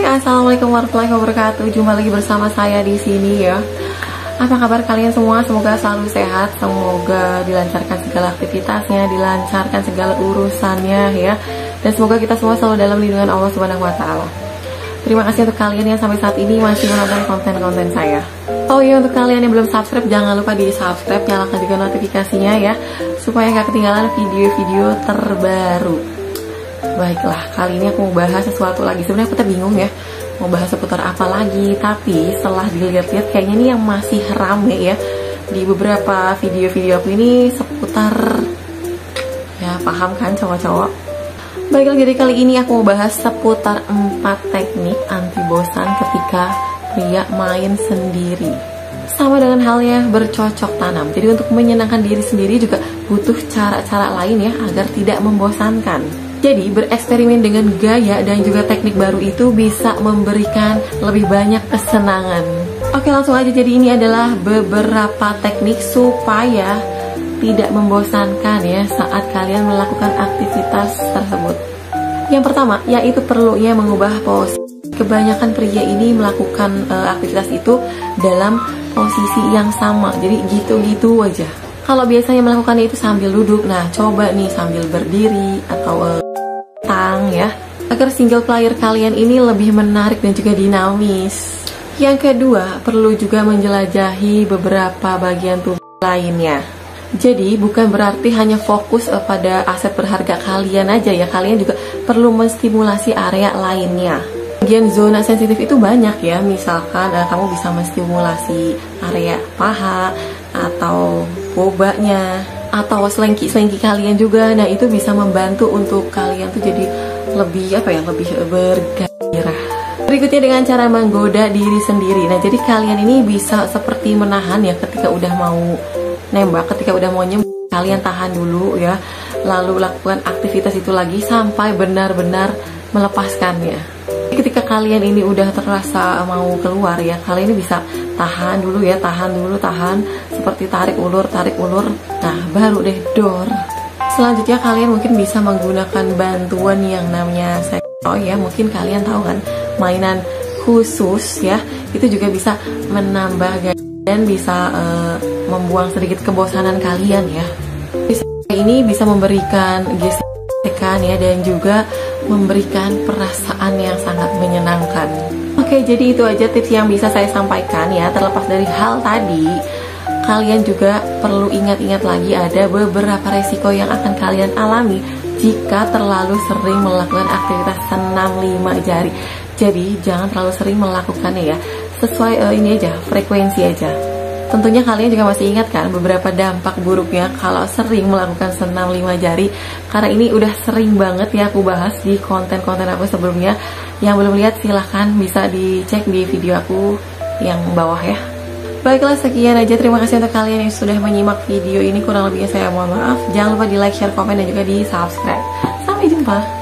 Hai, assalamualaikum warahmatullahi wabarakatuh. Jumpa lagi bersama saya di sini ya. Apa kabar kalian semua? Semoga selalu sehat, semoga dilancarkan segala aktivitasnya, dilancarkan segala urusannya ya. Dan semoga kita semua selalu dalam lindungan Allah Subhanahu wa taala. Terima kasih untuk kalian yang sampai saat ini masih menonton konten-konten saya. Oh iya untuk kalian yang belum subscribe jangan lupa di subscribe, nyalakan juga notifikasinya ya supaya nggak ketinggalan video-video terbaru. Baiklah, kali ini aku mau bahas sesuatu lagi. Sebenarnya aku bingung ya mau bahas seputar apa lagi, tapi setelah dilihat-lihat kayaknya ini yang masih rame ya di beberapa video-video aku ini seputar ya paham kan cowok-cowok. Baiklah, jadi kali ini aku mau bahas seputar 4 teknik anti bosan ketika pria main sendiri sama dengan halnya bercocok tanam. Jadi untuk menyenangkan diri sendiri juga butuh cara-cara lain ya agar tidak membosankan. Jadi bereksperimen dengan gaya dan juga teknik baru itu bisa memberikan lebih banyak kesenangan. Oke langsung aja jadi ini adalah beberapa teknik supaya tidak membosankan ya saat kalian melakukan aktivitas tersebut. Yang pertama yaitu perlunya mengubah posisi. Kebanyakan pria ini melakukan e, aktivitas itu dalam posisi yang sama, jadi gitu-gitu aja kalau biasanya melakukannya itu sambil duduk, nah coba nih sambil berdiri atau uh, belakang ya agar single player kalian ini lebih menarik dan juga dinamis. Yang kedua, perlu juga menjelajahi beberapa bagian tubuh lainnya. Jadi bukan berarti hanya fokus eh, pada aset berharga kalian aja ya, kalian juga perlu menstimulasi area lainnya. Bagian zona sensitif itu banyak ya, misalkan eh, kamu bisa menstimulasi area paha atau bobanya, atau selengki-selengki kalian juga. Nah, itu bisa membantu untuk kalian tuh jadi lebih apa ya, lebih bergairah. Berikutnya dengan cara menggoda diri sendiri. Nah, jadi kalian ini bisa seperti menahan ya ketika udah mau nembak, ketika udah mau nyem kalian tahan dulu ya. Lalu lakukan aktivitas itu lagi sampai benar-benar melepaskannya. Ketika kalian ini udah terasa mau keluar ya, kalian ini bisa tahan dulu ya, tahan dulu, tahan seperti tarik ulur, tarik ulur. Nah, baru deh dor. Selanjutnya kalian mungkin bisa menggunakan bantuan yang namanya sekro oh ya, mungkin kalian tahu kan mainan khusus ya, itu juga bisa menambah dan bisa uh, membuang sedikit kebosanan kalian ya. ini bisa memberikan gesekan ya dan juga memberikan perasaan yang sangat menyenangkan. Oke, jadi itu aja tips yang bisa saya sampaikan ya. Terlepas dari hal tadi, kalian juga perlu ingat-ingat lagi ada beberapa resiko yang akan kalian alami jika terlalu sering melakukan aktivitas senam lima jari. Jadi, jangan terlalu sering melakukannya ya. Sesuai uh, ini aja, frekuensi aja. Tentunya kalian juga masih ingat kan beberapa dampak buruknya kalau sering melakukan senam lima jari Karena ini udah sering banget ya aku bahas di konten-konten aku sebelumnya Yang belum lihat silahkan bisa dicek di video aku yang bawah ya Baiklah sekian aja terima kasih untuk kalian yang sudah menyimak video ini kurang lebihnya saya mohon maaf Jangan lupa di like, share, komen dan juga di subscribe Sampai jumpa